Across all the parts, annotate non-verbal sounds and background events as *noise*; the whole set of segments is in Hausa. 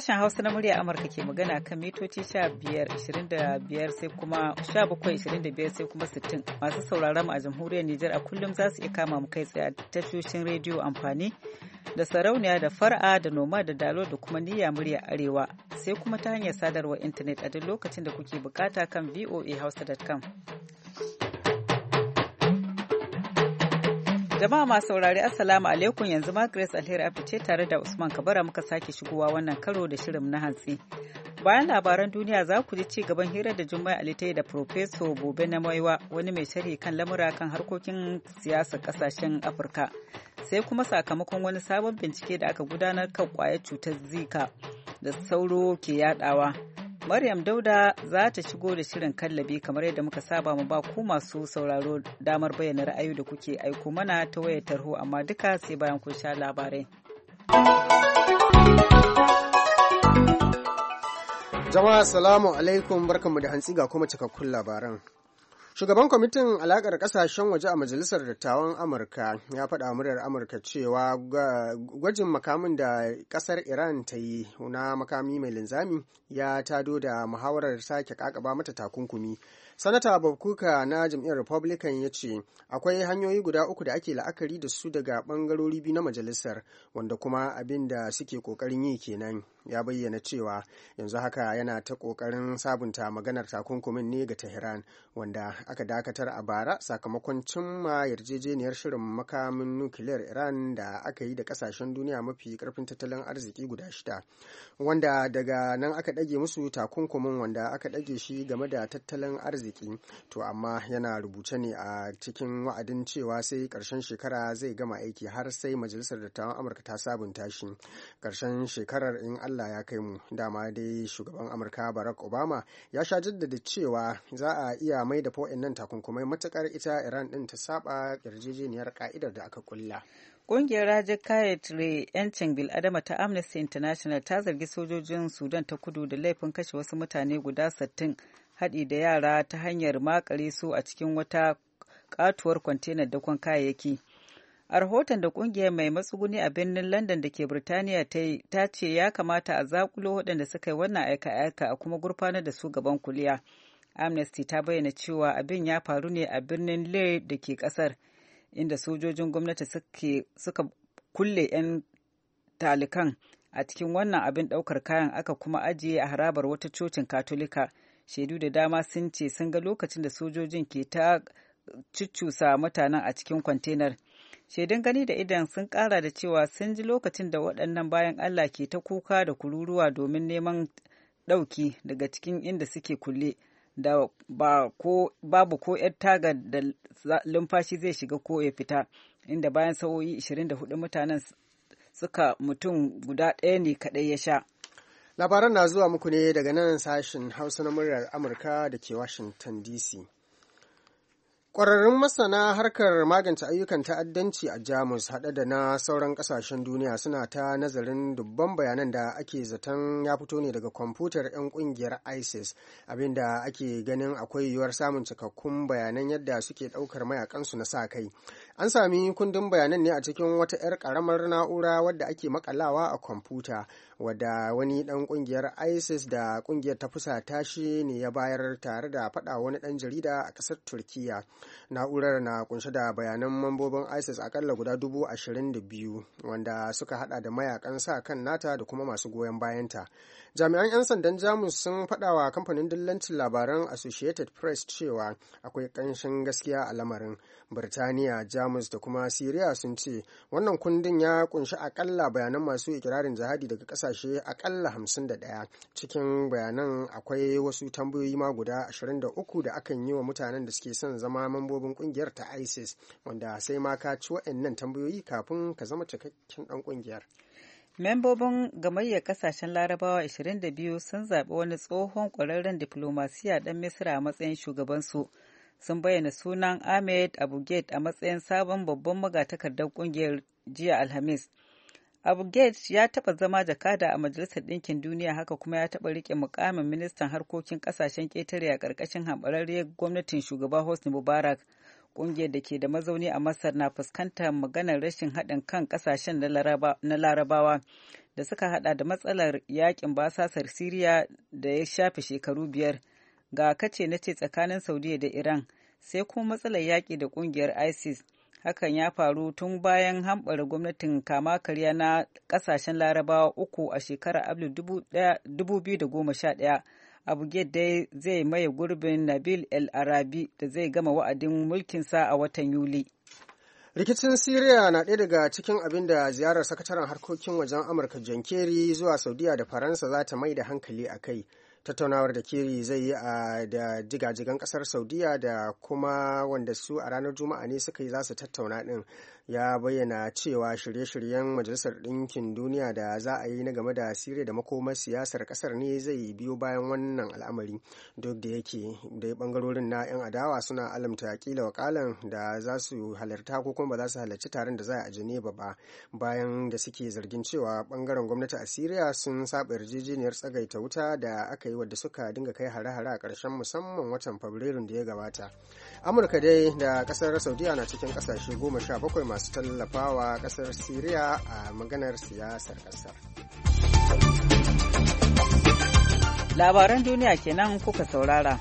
Sashen Hausa na murya Amurka ke magana kan mitoci 15-25 sai kuma 17-25 sai kuma 60 masu sauraron a jamhuriyar Nijar a kullum za su iya kama mu kai tsaye a tashoshin rediyo amfani da sarauniya da far'a da noma da dalo da kuma niyya murya arewa sai kuma ta hanyar sadarwar intanet a duk lokacin da kuke bukata kan voahausa.com. Jama'a masu saurari Assalamu alaikum yanzu ma Grace Alheri Abdi ce tare da Usman Kabara muka sake shigowa wannan karo da shirin na hantsi. Bayan labaran duniya za ku ji ci gaban hirar da Jummai Alitai da professor Bobe na Maiwa wani mai sharhi kan lamura kan harkokin siyasar kasashen Afirka. Sai kuma sakamakon wani sabon bincike da aka gudanar kan kwayar cutar Zika da sauro ke yadawa. Maryam Dauda za ta shigo da shirin kallabi kamar yadda muka saba mu ba ku masu sauraro damar bayyana ra'ayi da kuke aiko mana ta wayar tarho amma duka sai bayan kun sha labarai. Jama'a salamu alaikum barkanmu da hantsi ga kuma cikakkun labaran. Shugaban kwamitin alakar kasashen waje a Majalisar Dattawan Amurka ya faɗa muryar Amurka cewa gwajin makamin da ƙasar Iran ta yi na makami mai linzami ya tado da muhawarar sake kakaba mata takunkumi. Sanata Bob Kuka na jam'iyyar Republican ya ce akwai hanyoyi guda uku da ake la'akari da su daga ɓangarori biyu na majalisar wanda kuma abin da suke ƙoƙarin yi kenan. ya bayyana cewa yanzu haka yana ta kokarin sabunta maganar takunkumin ne ga tehran wanda aka dakatar a bara sakamakon cimma yarjejeniyar shirin makamin nukiliyar iran da aka yi da kasashen duniya mafi karfin tattalin arziki guda shida wanda daga nan aka dage musu takunkumin wanda aka dage shi game da tattalin arziki to amma yana rubuce ne a cikin wa'adin cewa sai karshen shekara zai gama aiki har sai majalisar dattawan amurka ta sabunta shi karshen shekarar in Allah ya kai mu dama dai shugaban Amurka Barack Obama ya sha jaddada cewa za a iya mai da nan takunkumai matukar ita Iran din ta saba yarjejeniyar ka'idar da aka kulla. Ƙungiyar Rajin Kayatre 'yancin bil'adama ta Amnesty International ta zargi sojojin Sudan ta kudu da laifin kashe wasu mutane guda 60 haɗi da yara ta hanyar makare su a cikin wata katuwar kwantenar dakon kayayyaki. a rahoton da kungiyar mai matsuguni a birnin london da ke birtaniya ta ce ya kamata a zakulo waɗanda suka yi wannan aika-aika a kuma gurfanar da su gaban kuliya amnesty ta bayyana cewa abin ya faru ne a birnin leh da ke ƙasar inda sojojin gwamnati suka kulle 'yan talikan a cikin wannan abin ɗaukar kayan aka kuma ajiye a harabar wata cocin katolika shaidu da dama sun ce sun ga lokacin da sojojin ke ta cuccusa mutanen a cikin kwantenar. shaidun gani da idan sun kara da cewa sun ji lokacin da waɗannan bayan allah ke ta kuka da kururuwa domin neman ɗauki daga cikin inda suke kulle da babu ko yar tagar da lumfashi zai shiga ko ya fita inda bayan sa'o'i 24 mutanen suka mutum guda ɗaya ne kaɗai ya sha labaran na zuwa muku ne daga nan sashen hausa na muryar amurka da ke washington dc Ƙwararrun masana harkar magance ayyukan ta'addanci a Jamus haɗe da na sauran ƙasashen duniya suna ta nazarin dubban bayanan da ake zaton ya fito ne daga kwamfutar 'yan ƙungiyar ISIS abinda ake ganin akwai yiwuwar samun cikakkun bayanan yadda suke ɗaukar mayakansu na sa kai. An sami kundin bayanan ne a cikin wata 'yar ƙaramar na'ura wadda ake makalawa a kwamfuta wadda wani ɗan ƙungiyar ISIS da ƙungiyar ta shi ne ya bayar tare da faɗa wani ɗan jarida a ƙasar Turkiyya, Na'urar na kunshe da bayanan mambobin ISIS akalla guda dubu ashirin da biyu wanda suka haɗa da mayakan sa kan nata da kuma masu goyon bayanta. Jami'an 'yan sandan Jamus sun faɗa wa kamfanin dillancin labaran Associated Press cewa akwai ƙanshin gaskiya a lamarin Birtaniya, Jamus Hamas da kuma Siriya sun ce wannan kundin ya kunshi akalla bayanan masu ikirarin jihadi daga kasashe akalla 51 cikin bayanan akwai wasu tambayoyi ma guda 23 da akan yi wa mutanen da suke son zama mambobin kungiyar ta ISIS wanda sai ma ka ci waɗannan tambayoyi kafin ka zama cikakken ɗan kungiyar. Membobin gamayyar kasashen larabawa 22 sun zaɓi wani tsohon ƙwararren diflomasiya ɗan Misira a matsayin shugabansu. sun bayyana sunan Ahmed Abugate a matsayin sabon babban magatakardar kungiyar jiya Alhamis. Abugate ya taɓa zama jakada a Majalisar Ɗinkin Duniya haka kuma ya taba riƙe mukamin ministan harkokin ƙasashen ƙetare a ƙarƙashin hambararriyar gwamnatin shugaba Hosni Mubarak. Ƙungiyar da ke da mazauni a Masar na fuskantar maganar rashin haɗin kan ƙasashen na Larabawa da suka haɗa da matsalar yaƙin basasar Siriya da ya shafe shekaru biyar. ga kace na ce tsakanin saudiya da iran sai kuma matsalar yaƙi da ƙungiyar isis hakan ya faru tun bayan hambara gwamnatin kama karya na ƙasashen larabawa uku a shekarar sha ɗaya abu dai zai maye gurbin nabil el arabi da zai gama wa'adin mulkinsa a watan yuli rikicin syria na ɗaya daga cikin abin da ziyarar sakataren harkokin wajen amurka john zuwa saudiya da faransa za ta mai da hankali a kai tattaunawar da kiri zai yi a da jigajigan kasar saudiya da kuma wanda su a ranar juma'a ne suka yi za su tattauna din ya bayyana cewa shirye-shiryen majalisar ɗinkin duniya da za a yi na game da siriya da makomar siyasar ƙasar ne zai biyo bayan wannan al'amari duk da yake da bangarorin na 'yan adawa suna alamta kila wakalan da za su halarta ko kuma ba za su halarci taron da za a geneva ba bayan da suke zargin cewa bangaren gwamnati a siriya sun saba yarjejeniyar tsagaita wuta da aka yi wadda suka dinga kai hare-hare a ƙarshen musamman watan fabrairun da ya gabata amurka dai da ƙasar saudiya na cikin ƙasashe goma sha bakwai masu masu tallafawa kasar Siriya a maganar siyasar kasar. Labaran duniya kenan kuka saurara.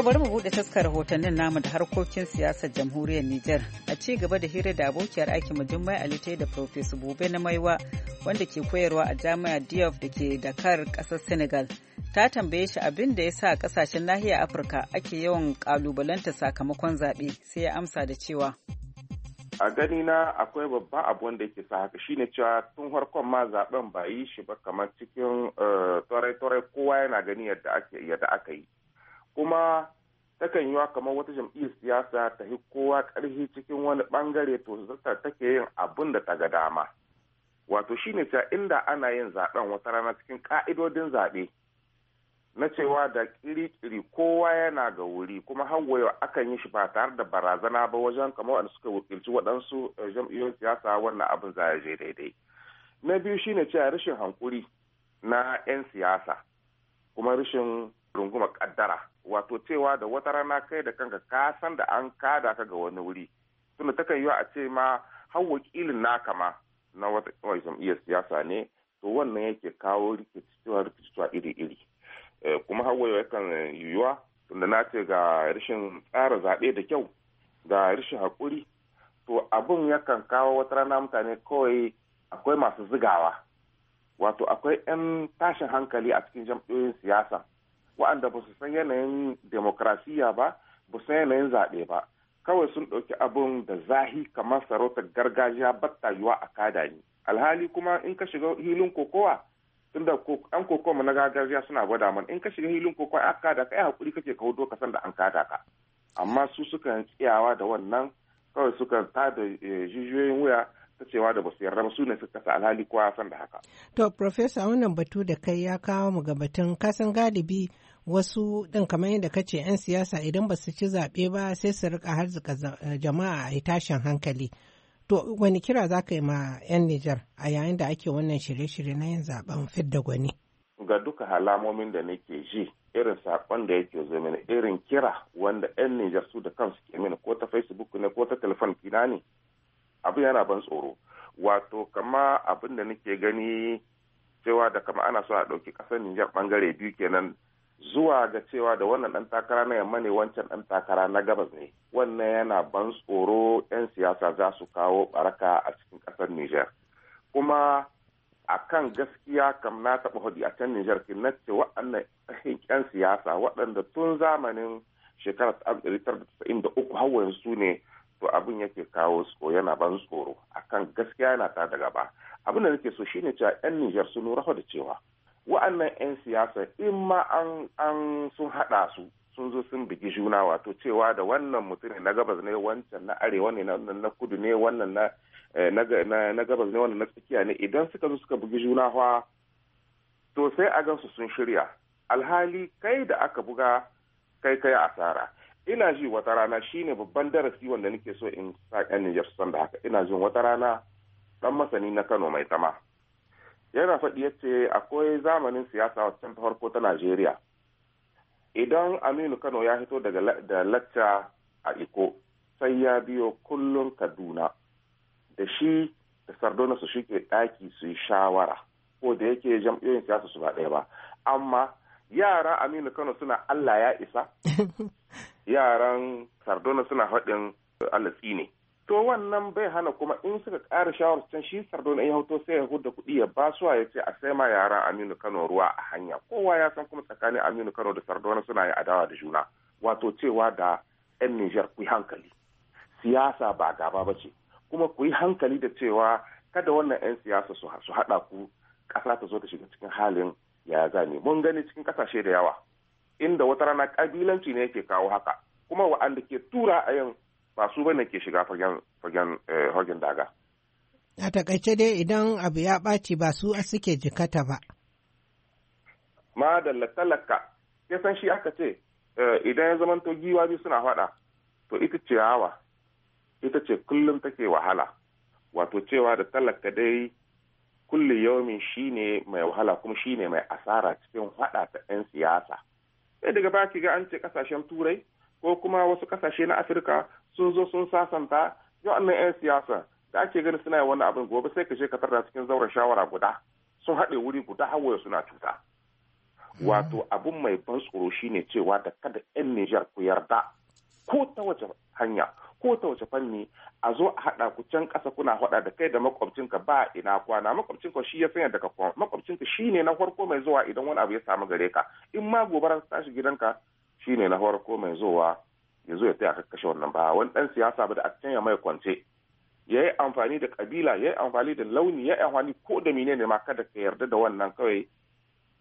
To bari mu buɗe taskar rahotannin namu da harkokin siyasar jamhuriyar Nijar a ci gaba da hira da abokiyar aiki mu Jummai Alite da Professor Bobe na Maiwa wanda ke koyarwa a Jami'ar diop da ke Dakar ƙasar Senegal. Ta tambaye shi abin da ya sa ƙasashen nahiyar Afirka ake yawan kalubalanta sakamakon zaɓe sai ya amsa da cewa. A gani na akwai babban abu wanda yake sa haka shine cewa tun farkon ma zaben ba yi shi ba kamar cikin eh, tsorai-tsorai kowa yana gani yadda aka yi. kuma takan yiwa kamar wata jam'iyyar siyasa ta yi kowa karfi cikin wani bangare to zartar take yin abin da ta ga dama wato shine ta inda ana yin zaben wata rana cikin ka'idodin zaɓe na cewa da kiri-kiri kowa yana ga wuri kuma hangoyewa akan yi shi ba tare da barazana ba wajen kamar wanda suka wakilci waɗansu eh, jam'iyyar siyasa wannan abin za je daidai na biyu shine cewa rashin hankuri na 'yan siyasa kuma rashin runguma kaddara wato cewa da wata rana kai da kanka ka san da an kada ka ga wani wuri tunda takan yiwa a ce ma har wakilin naka ma na wata iya siyasa ne to wannan yake kawo rikici rikicituwa iri-iri eh, kuma har yakan yiwuwa tunda na ce ga rashin tsara zaɓe da kyau ga rashin haƙuri to abin yakan kawo wata rana mutane kawai akwai masu zigawa wato akwai 'yan tashin hankali a cikin jam'iyyoyin siyasa waɗanda ba su san yanayin demokrasiya ba ba su san yanayin zaɓe ba kawai sun ɗauki abin da zahi kamar sarautar gargajiya batta yiwa a kada ni alhali kuma in ka shiga hilin kokowa tunda an kokowa na gargajiya suna gwada mana in ka shiga hilin kokowa aka kada ka yi hakuri kake ka hudo ka san da an kada ka amma su suka tsayawa da wannan kawai suka tada eh, jijiyoyin wuya ta cewa da ba su yarda ba su ne suka kasa alhali kowa san da haka. To Profesa wannan batu da kai ya kawo mu ga batun kasan galibi wasu din kamar yadda ce 'yan siyasa idan ba su ci zaɓe ba sai su rika harzika eh, jama'a a tashin hankali. To wani kira za ka yi ma 'yan Nijar a yayin da ake wannan shirye-shirye na yin zaɓen fidda gwani? Ga duka halamomin da nake ji irin saƙon da yake zo mini irin kira wanda 'yan Nijar su da kansu ke mini ko ta Facebook ne ko ta telefon kina ne abin yana ban tsoro wato kama abin da nake gani cewa da kama ana so a ɗauki kasar Nijar bangare biyu kenan zuwa ga cewa da wannan ɗan takara na yamma ne wancan ɗan takara na gabas ne wannan yana ban tsoro 'yan siyasa za su kawo baraka a cikin ƙasar Nijar kuma a kan gaskiya kam na taɓa hudu a can Nijar kin na ce waɗannan 'yan siyasa waɗanda tun zamanin shekarar 1993 har yanzu ne to abin yake kawo tsoro yana ban tsoro akan gaskiya yana ta daga ba abin da nake so shine cewa yan Nijar sun lura da cewa wa'annan yan siyasa in ma an an sun hada su sun zo sun bigi juna wato cewa da wannan mutum na gabas ne wancan na arewa ne na kudu ne wannan eh, na na gabas ne wannan na tsakiya ne idan suka zo suka bugi juna fa to sai a gansu sun shirya alhali kai da aka buga kai kai asara ina ji wata rana shine babban darasi wanda nake so in sa ƴan Nijar da haka ina jin wata rana dan masani na Kano mai tama yana faɗi yace akwai zamanin siyasa wacce farko ta Najeriya idan Aminu Kano ya fito daga da lacca a Iko sai ya biyo kullum Kaduna da shi da Sardona su shike ɗaki su yi shawara ko da yake jam'iyyoyin siyasa su ba ɗaya ba amma yara Aminu Kano suna Allah ya isa *laughs* yaran sardona suna haɗin alatsi ne to wannan bai hana kuma in suka ƙara shawar can shi sardona ya hoto sai ya da kuɗi ya ba su ya ce a sai ma yara aminu kano ruwa a hanya kowa ya san kuma tsakanin aminu kano da sardona suna yi adawa da juna wato cewa da 'yan nijar ku hankali siyasa ba gaba ba ce kuma ku yi hankali da cewa kada wannan 'yan siyasa su haɗa ku ƙasa ta zo ta shiga cikin halin ya zane mun gani cikin ƙasashe da yawa inda wata rana kabilanci ne yake kawo haka kuma wa'anda ke tura a yin ba su bane ke shiga fagen fagen eh, daga a takaice dai idan abu ya ɓaci ba su suke jikata ba madalla talaka ya san shi aka ce eh, idan ya zamanto giwa biyu suna faɗa to ita ce hawa ita ce kullum take wahala wato cewa da talaka dai kulli yaumin shine mai wahala kuma shine mai asara cikin hada ta 'yan siyasa sai daga baki ga an ce kasashen turai ko kuma wasu kasashe na afirka sun zo sun sasanta wa'annan 'yan siyasa da ake gani suna yi wani abin gobe sai ka je ka tarda cikin zaura shawara guda sun haɗe wuri guda hawaye suna cuta hmm. wato abun mai ban tsoro shine cewa da kada 'yan nijar ku yarda ko ta wace hanya ko ta wace fanni a zo a haɗa ku can ƙasa kuna haɗa da kai da makwabcinka ba ina kwana makwabcinka shi ya sanya daga kwana makwabcinka shi ne na farko mai zuwa idan wani abu ya samu gare ka in ma gobara ta tashi gidanka shi ne na farko mai zuwa ya zo ya taya ka kashe wannan ba wani dan siyasa ba da a can ya mai kwance ya yi amfani da kabila ya yi amfani da launi ya yi amfani ko da mine ne ma kada ka yarda da wannan kawai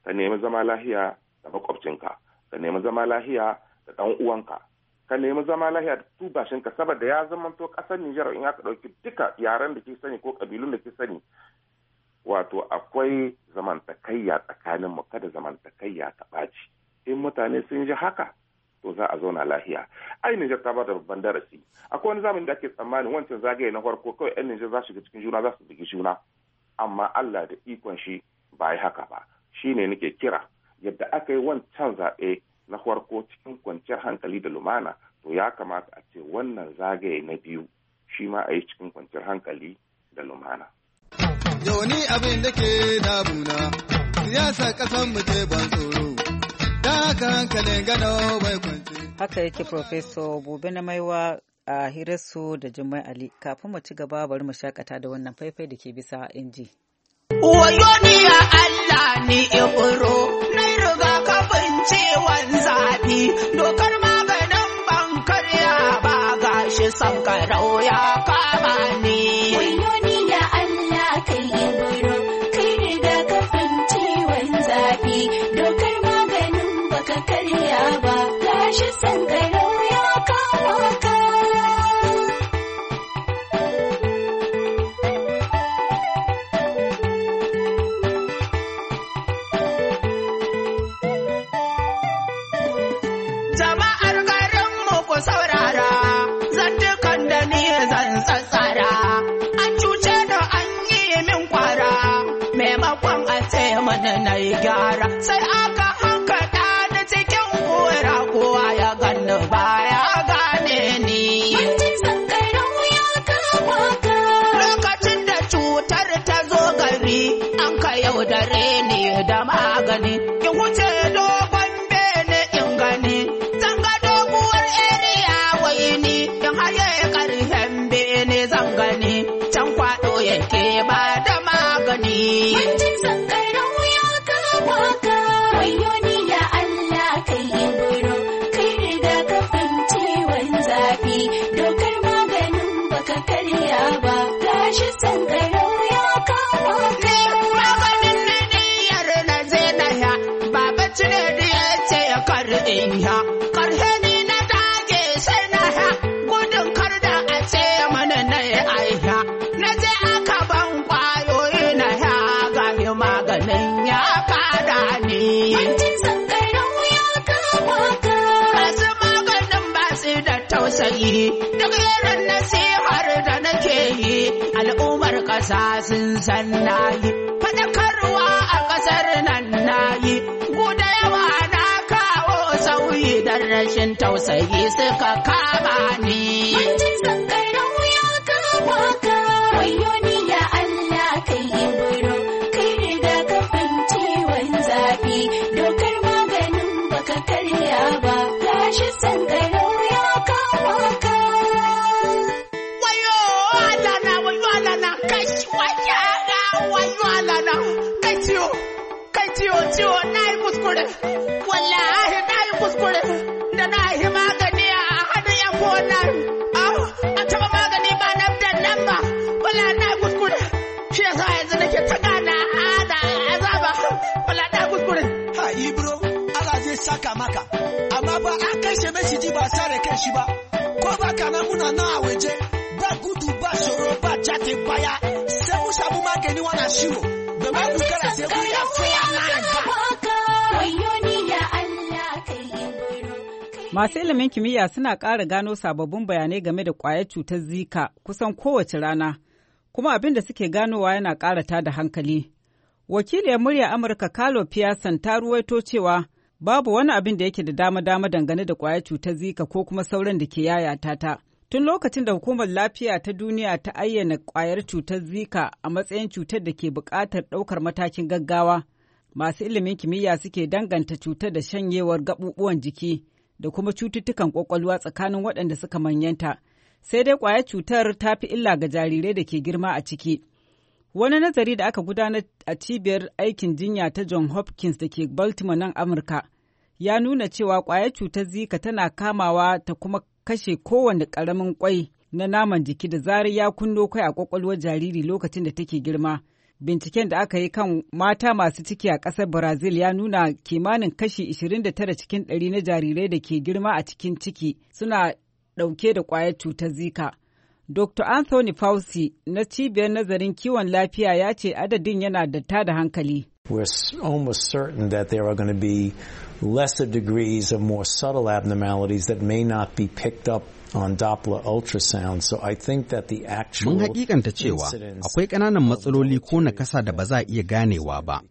ka nemi zama lahiya da makwabcinka ka nemi zama lahiya da ɗan uwanka ka nemi zama lahiya da tubashin ka saboda ya zamanto kasar Nijar in aka ɗauki duka yaren da ke sani ko kabilun da ke sani wato akwai zamantakayya tsakanin mu kada zamantakayya ta baci in mutane sun ji haka to za a zauna lahiya ai Nijar ta bada babban darasi akwai wani zamani da ake tsammanin wancan zagaye na farko kawai yan Nijar za su shiga cikin juna za su bugi juna amma Allah da ikon shi ba yi haka ba shine nake kira yadda aka yi wancan zaɓe na farko cikin kwanciyar hankali da lumana to ya kamata a ce wannan zagaye na biyu shi ma a yi cikin kwanciyar hankali da lumana. Yawani abin da ke damuna, siyasa ƙasan mu ce ban tsoro, da haka hankalin gano bai kwanci. Haka yake Profeso Bobe na Maiwa a hirarsu da Jummai Ali, kafin mu ci gaba bari mu shakata da wannan faifai da ke bisa inji. Wayo ni ya Allah ni ya na riga kafin cewa 绕呀。Gara. I. matasa sun san nayi fadakarwa a ƙasar nan nayi da yawa na kawo sauyi don rashin tausayi suka kama ni. saka maka amma ba an kai shi maciji ba sare kai shi ba ko ba kana muna na a waje ba gudu ba soro ba jate baya sai ma ke ni wana shiro ku kuskara sai ku ya ya na Masu ilimin kimiyya suna ƙara gano sababbin bayanai game da ƙwayar cutar Zika kusan kowace rana, kuma abin da suke ganowa yana ƙara da hankali. Wakiliyar murya Amurka Kalo Piyasan ta ruwaito cewa babu wani abin da yake da dama-dama dangane da kwayar cutar zika ko kuma sauran da ke yayata ta. Tun lokacin da hukumar lafiya ta duniya ta ayyana kwayar cutar zika a matsayin cutar da ke buƙatar ɗaukar matakin gaggawa, masu ilimin kimiyya suke danganta cutar da shanyewar gaɓuɓuwan jiki da kuma cututtukan ƙwaƙwalwa tsakanin waɗanda suka manyanta. Sai dai kwayar cutar ta fi illa ga jarirai da ke girma a ciki. Wani nazari da aka gudanar a cibiyar aikin jinya ta John Hopkins da ke Baltimore nan Amurka ya nuna cewa kwaya cutar zika tana kamawa ta kuma kashe kowane ƙaramin kwai na naman jiki da zarar ya kunno kai a ƙwaƙwalwar jariri lokacin da take girma. Binciken da aka yi kan mata masu ciki a ƙasar Brazil ya nuna kimanin kashi 29 cikin 100 na jarirai da ke girma a cikin ciki suna ɗauke da ƙwayar cutar zika. Dr. Anthony Fauci na cibiyar nazarin kiwon lafiya ya ce adadin yana da tada hankali. We're almost certain that there are going to be lesser degrees of more subtle abnormalities that may not be picked up on Doppler ultrasound. So I think that the actual Mun hakikanta cewa akwai ƙananan matsaloli ko nakasa da ba za a iya ganewa ba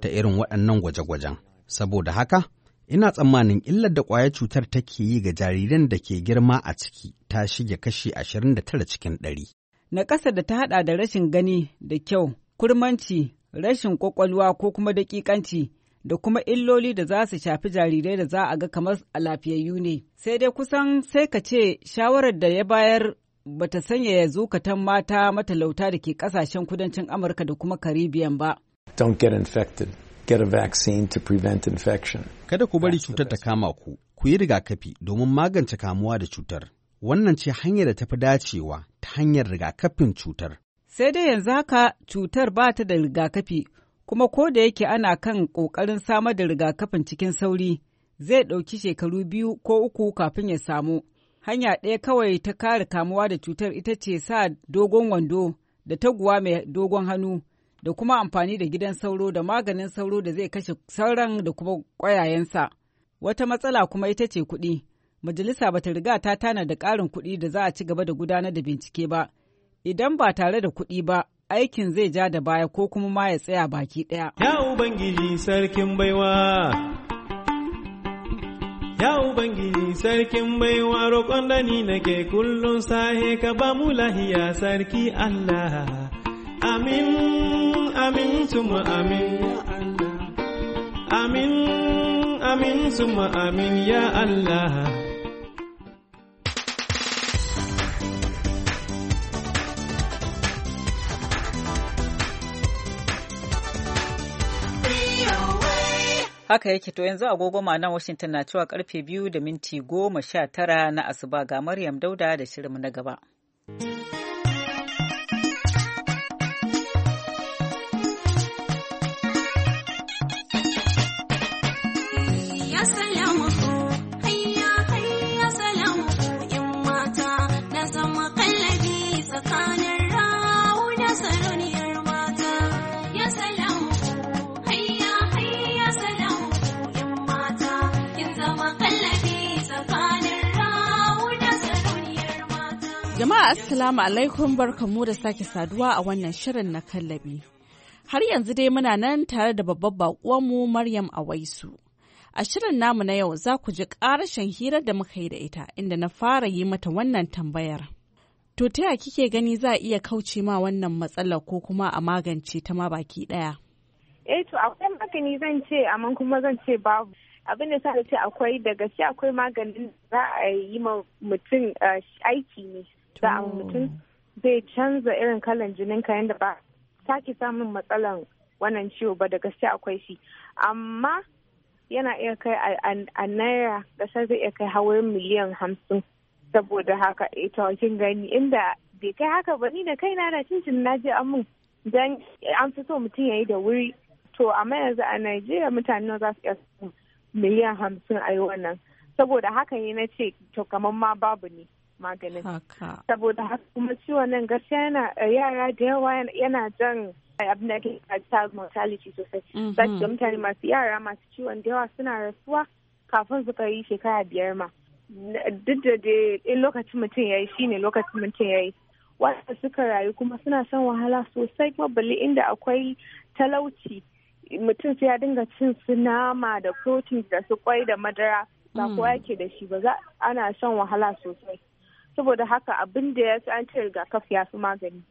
ta irin waɗannan gwaje-gwajen. Saboda haka, Ina tsammanin illar da ƙwayar cutar take yi ga jariran da ke girma a ciki ta shige kashi ashirin da tara cikin ɗari. Na ƙasa da ta haɗa da rashin gani da kyau, kurmanci, rashin ƙwaƙwalwa ko kuma daƙiƙanci da kuma illoli da za su shafi jarirai da za a ga kamar a lafiyayyu ne. Sai dai kusan sai ka ce shawarar da ya bayar bata sanyaya zukatan mata matalauta da ke ƙasashen kudancin Amurka da kuma Karibiyan ba. Don't get infected. get a vaccine to prevent infection. Kada ku bari cutar ta kama ku, ku yi rigakafi domin magance kamuwa da cutar. Wannan ce hanyar da ta fi dacewa ta hanyar rigakafin cutar. Sai dai yanzu haka cutar ba ta da rigakafi, kuma ko da yake ana kan ƙoƙarin samar da rigakafin cikin sauri, zai ɗauki shekaru biyu ko uku kafin ya samu. Hanya ɗaya kawai ta kare kamuwa da cutar ita ce sa dogon wando da taguwa mai dogon hannu. da kuma amfani da gidan sauro da maganin sauro da zai kashe sauran da kuma ƙwayayensa. Wata matsala kuma ita ce kuɗi. Majalisa bata riga ta tana da ƙarin kuɗi da za a ci gaba da gudanar da bincike ba. Idan ba tare da kuɗi ba, aikin zai ja da baya ko kuma ma ya tsaya baki ɗaya. Ya Ubangiji sarkin baiwa. Ya Ubangiji sarkin baiwa roƙon da ni nake kullum sahe ka ba mu lahiya sarki Allah. Amin, amin, suma amin, amin, amin, suma amin, ya Allah. Haka yake to yanzu agogo na Washington na cewa karfe biyu da minti goma sha tara na asuba ga Maryam Dauda da shirinmu na gaba. Jama'a Assalamu alaikum barkamu da sake saduwa a wannan shirin na kallabi. Har yanzu dai muna nan tare da babbar mu Maryam Awaisu. A shirin namu na yau za ku ji ƙarashin hirar da muka yi da ita inda na fara yi mata wannan tambayar. To ta kike gani za a iya kauce ma wannan matsalar ko kuma a magance ta ma baki ɗaya? Eh to akwai magani zan ce amma kuma zan ce babu. abin da sa ce akwai da gaske akwai maganin za a yi ma mutum eh, aiki ne da mutum zai canza irin kalan jininka yadda ba sake samun matsalan wannan ciwo ba da gaske akwai shi amma yana iya kai a naira ƙasar zai iya kai hawar miliyan hamsin saboda haka ita eh wakin gani inda bai kai haka ba ni da kaina na cincin na je amin dan an fi so mutum ya yi da wuri to amma yanzu a Najeriya mutane za su iya miliyan hamsin a yi wannan saboda haka ne na ce to kamar ma babu ne maganin saboda haka kuma ciwon nan gaskiya yana eh, yara da yawa yana jan eh, abin da ke child mortality sosai mhm. za ki ga mutane masu yara masu ciwon da yawa suna rasuwa kafin su kai shekara biyar ma duk da dai lokacin mutum ya yi shi ne lokacin mutum ya yi wanda suka rayu kuma suna shan wahala sosai kuma balle inda akwai talauci mutum sai ya dinga cin su nama da protein da su kwai da madara ba mhm. kowa yake da shi ba za ana shan wahala sosai saboda haka abin da ya fi an ce rigakafi ya fi magani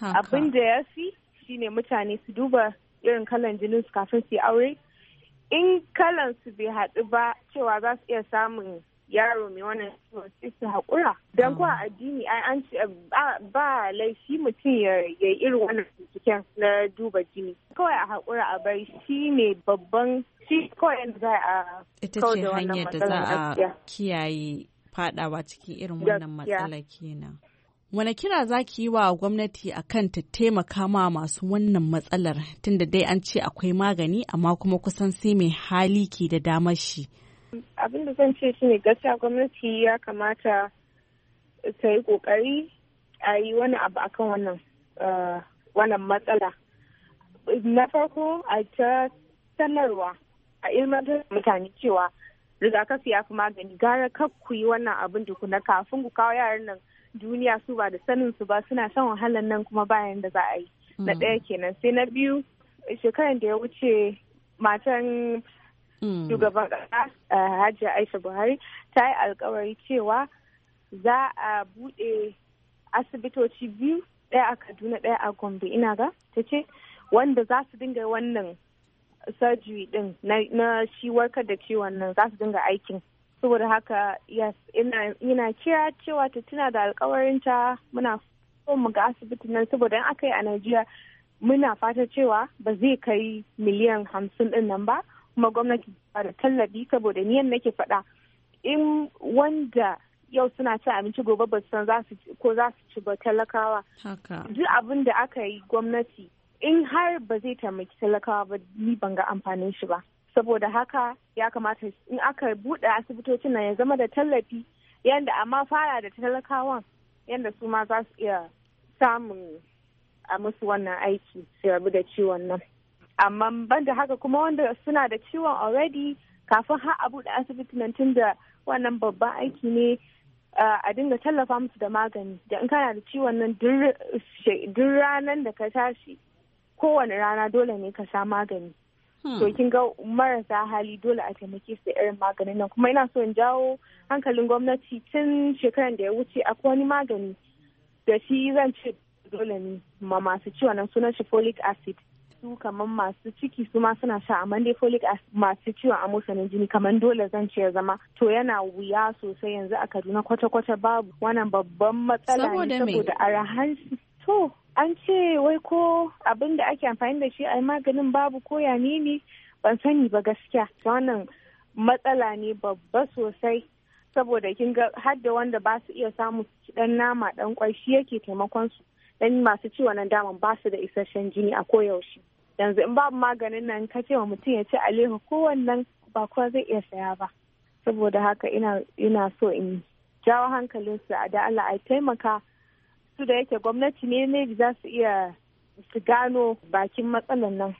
abin da ya fi shine mutane su duba irin kalan jinin su kafin su yi aure in kalan su bai haɗu ba cewa za su iya samun yaro mai wannan ciwon su haƙura don kuwa ah. addini an ce ba laifi mutum ya yi irin wannan binciken na duba jini kawai a haƙura a bai shi ne babban shi kawai za a ita ce hanyar da za a kiyaye fadawa cikin irin wannan matsala kenan. Wane kira za ki yi wa gwamnati a kan ta taimaka ma masu wannan matsalar tunda dai an ce akwai magani amma kuma kusan sai mai hali ke da damar shi. Abin da zan ce shi ne gaskiya gwamnati ya kamata ta yi kokari a yi wani abu akan wannan eh, wannan matsala. Na farko a ta sanarwa a ilmantar mutane cewa rigakafi ya fi magani gara kar ku yi wannan abin na kafin ku kawo yaran nan duniya su ba da sanin su ba suna shan wahalan nan kuma bayan da za a yi na mm. ɗaya kenan sai na biyu shekaran da ya wuce matan mm. shugaban ƙasa eh, hajji aisha buhari ta yi alkawari cewa za a buɗe asibitoci biyu ɗaya a kaduna ɗaya a gombe ina ga ta ce wanda za su dinga wannan surgery din na shi warkar da ciwon nan za su dinga aikin saboda haka yes ina kira cewa ta tuna da ta muna so mu ga asibitin nan saboda in aka yi a Najeriya muna fata cewa ba zai kai miliyan hamsin din nan ba kuma gwamnati ba da tallafi saboda niyan nake faɗa in wanda yau suna cin abinci gobe ba su san ko za su ci ba talakawa duk abin da aka yi gwamnati in har ba zai taimaki talakawa ba ni ban ga amfanin shi ba saboda haka ya kamata in aka buɗe asibitocin nan ya zama da tallafi yadda amma fara da talakawan yanda su ma za su iya samun a musu wannan aiki su rabu da ciwon nan amma ban da haka kuma wanda suna da ciwon already kafin har a buɗe asibiti nan tun da wannan babban aiki ne a dinga tallafa musu da magani da in kana da ciwon nan duk ranar da ka tashi kowane rana dole ne ka sha magani hmm. to kin ga marasa hali dole a taimake su irin maganin nan kuma ina so in jawo hankalin gwamnati tun shekaran da ya wuce akwai wani magani da shi zan ce dole ne ma masu ciwon nan sunan shi folic acid su kamar masu ciki su ma suna sha amma dai folic acid masu ciwon amosanin jini kamar dole zan ce ya zama to yana wuya sosai yanzu a Kaduna kwata-kwata babu wannan babban matsala ne saboda arahan to an ce wai ko abin da ake amfani da shi a maganin babu ko ya ne ban sani ba gaskiya wannan matsala ne babba sosai saboda kin ga hadda wanda ba su iya samu dan nama dan kwai shi yake taimakon su dan masu ciwon nan daman ba su da isasshen jini a koyaushe yanzu in babu maganin nan ka ce wa mutum ya ci alehu ko ba kowa zai iya saya ba saboda haka ina so in jawo hankalinsu a da Allah a taimaka su da yake gwamnati ne ne za su iya su gano bakin matsalan nan.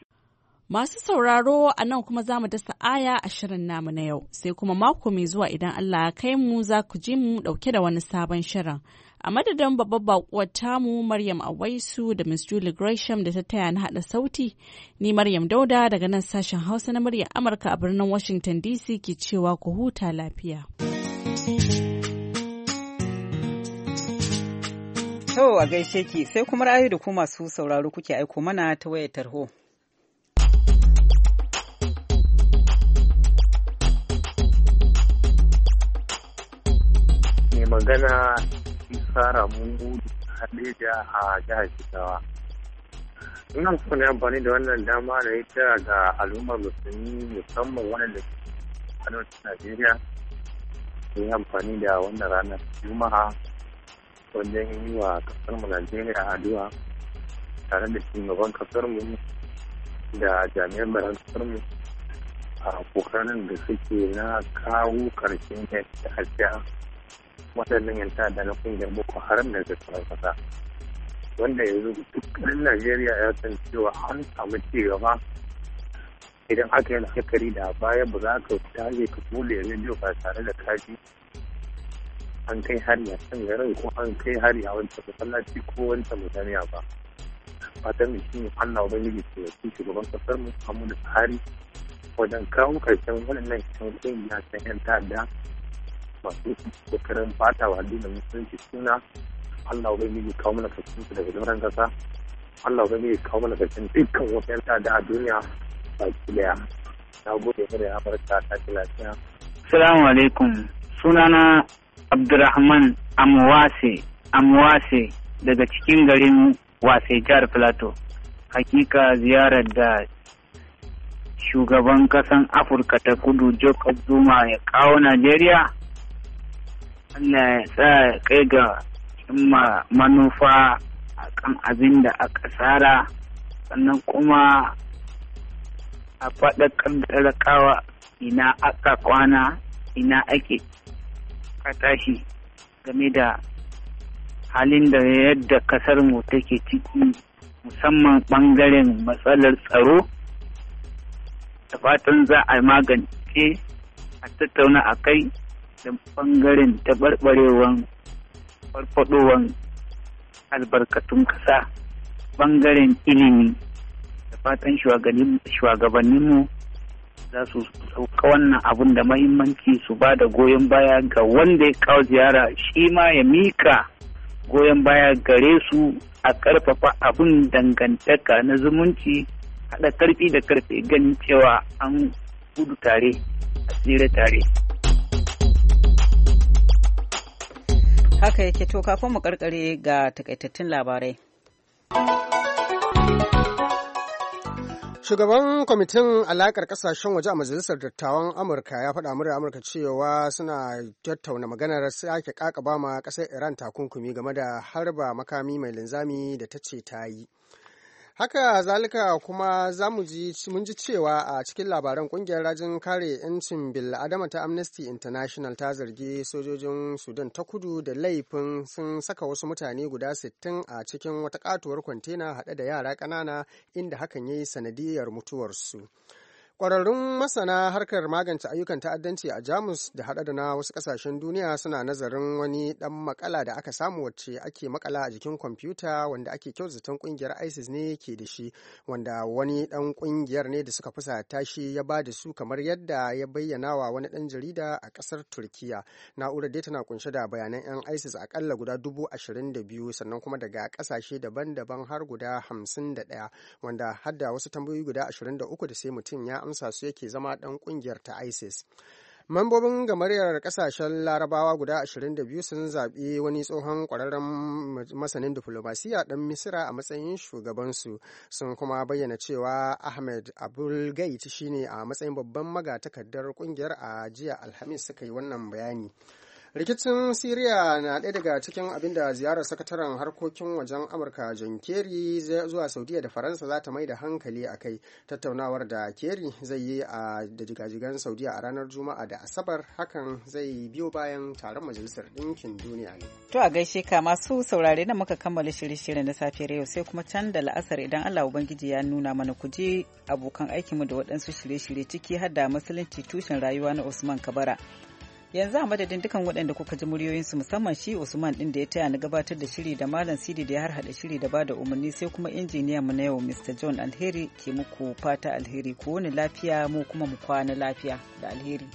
Masu sauraro a nan kuma za mu dasa aya a shirin namu na yau sai kuma mako mai zuwa idan Allah ya kai mu za ku ji mu dauke da wani sabon shirin. A madadin babbar bakuwar tamu Maryam Awaisu da Miss Julie Gresham da ta taya na haɗa sauti, ni Maryam Dauda daga nan sashen Hausa na muryar Amurka a birnin Washington DC ke cewa ku huta lafiya. To a gaishe ki sai kuma ra'ayi da ku masu sauraro kuke aiko mana ta wayar tarho. Mai magana Isara Mungu Hadeja a jihar Jigawa. Ina so ne amfani da wannan dama da ya kira ga al'ummar musulmi musamman waɗanda ke a Najeriya. Yi amfani da wannan ranar Juma'a wajen yi wa ƙasarmu najeriya addu'a tare da shugaban ƙasarmu da jami'an baran mu a kokarin da suke na kawo karshen yadda hajjiya waɗannan yanta da na kungiyar boko haram da zai kasa wanda yanzu dukkanin najeriya ya san cewa an samu ci gaba idan aka yi la'akari da baya ba za ka tashi ka kule rediyo ba tare da kashi an kai hari a kan garin ko an kai hari a wancan masallaci ko wancan majami'a ba fatan mu ne Allah ubangiji ke yaki shugaban kasar mu da tsari wajen kawo karshen waɗannan cikin kungiya ta yan ta'adda masu kokarin fata wa addinin musulunci suna Allah ubangiji kawo mana karshen su daga doron kasa Allah ubangiji kawo mana karshen dukkan wasu yan ta'adda a duniya ki daya na gode mana ya farka ta lafiya Assalamu alaikum sunana Abdurrahman Amwase Amwase daga cikin garin Wase jihar Filato. Hakika ziyarar da shugaban kasan Afirka ta kudu Jacob Zuma ya kawo Najeriya Allah ya sa kai ga cimma manufa a kan abin da aka tsara sannan kuma a faɗaƙar da ina aka kwana ina ake a tashi game da halin da yadda kasar mu take ciki musamman bangaren matsalar tsaro da fatan za a magance a tattauna a kai da bangaren taɓarɓarewan farfadowan albarkatun ƙasa bangaren ilimi da fatan shugabanninmu za su sauka wannan abun da mahimmanci su ba da goyon baya ga wanda ya kawo ziyara shi ma ya mika goyon baya gare su a karfafa abun dangantaka na zumunci haɗa karfi da karfe ganin cewa an gudu tare a tare. Haka yake to kafin mu karkare ga takaitattun labarai. Shugaban kwamitin alakar ƙasashen waje a majalisar dattawan Amurka ya faɗa murya Amurka cewa suna tattauna maganar sake ƙaƙaba ma ƙasar Iran takunkumi game da harba makami mai linzami da ta ce ta yi. Haka zalika kuma za mu ji mun ji cewa a cikin labaran kungiyar rajin kare 'yancin adama ta Amnesty International ta zargi sojojin Sudan ta kudu da laifin sun saka wasu mutane guda 60 a cikin wata katuwar kwantena hade da yara kanana inda hakan ya yi sanadiyar mutuwarsu. Ƙwararrun masana harkar magance ayyukan ta'addanci a Jamus da haɗa da na wasu ƙasashen duniya suna nazarin wani ɗan makala da aka samu wacce ake makala a jikin kwamfuta wanda ake kyautatan ƙungiyar ISIS ne ke da shi wanda wani ɗan ƙungiyar ne da suka fusa tashi ya ba da su kamar yadda ya bayyana wa wani ɗan jarida a ƙasar Turkiya. Na'urar dai tana kunshe da bayanan 'yan ISIS aƙalla guda dubu ashirin da biyu sannan kuma daga ƙasashe daban-daban har guda hamsin da ɗaya wanda hadda wasu tambayoyi guda ashirin da uku da sai mutum ya amsa su yake zama ɗan ƙungiyar ta isis Mambobin gamaryar kasashen larabawa guda 22 sun zaɓi wani tsohon ƙwararren masanin diflomasiyya ɗan Misira a matsayin shugabansu sun kuma bayyana cewa Ahmed Abul Gait shine a matsayin babban magatakardar ƙungiyar a jiya Alhamis suka yi wannan bayani. rikicin siriya na ɗaya daga cikin abin da ziyarar sakataren harkokin wajen amurka john kerry zuwa saudiya da faransa za ta mai da hankali a kai tattaunawar da kerry zai yi a da jigajigan saudiya a ranar juma'a da asabar hakan zai biyo bayan taron majalisar ɗinkin duniya ne to a gaishe ka masu saurare na muka kammala shirye-shiryen na safiyar yau sai kuma can da la'asar idan allah ubangiji ya nuna mana ku je abokan aikinmu da waɗansu shirye-shirye ciki har da musulunci tushen rayuwa na usman kabara yanzu a madadin dukan waɗanda kuka ji muryoyinsu musamman shi usman ɗin da ya taya na gabatar da shiri da malam sidi da ya harhaɗa shiri da bada umarni sai kuma injiniyan mu na yau mr john alheri ke muku fata alheri ko wani lafiya mu kuma mu kwana lafiya da alheri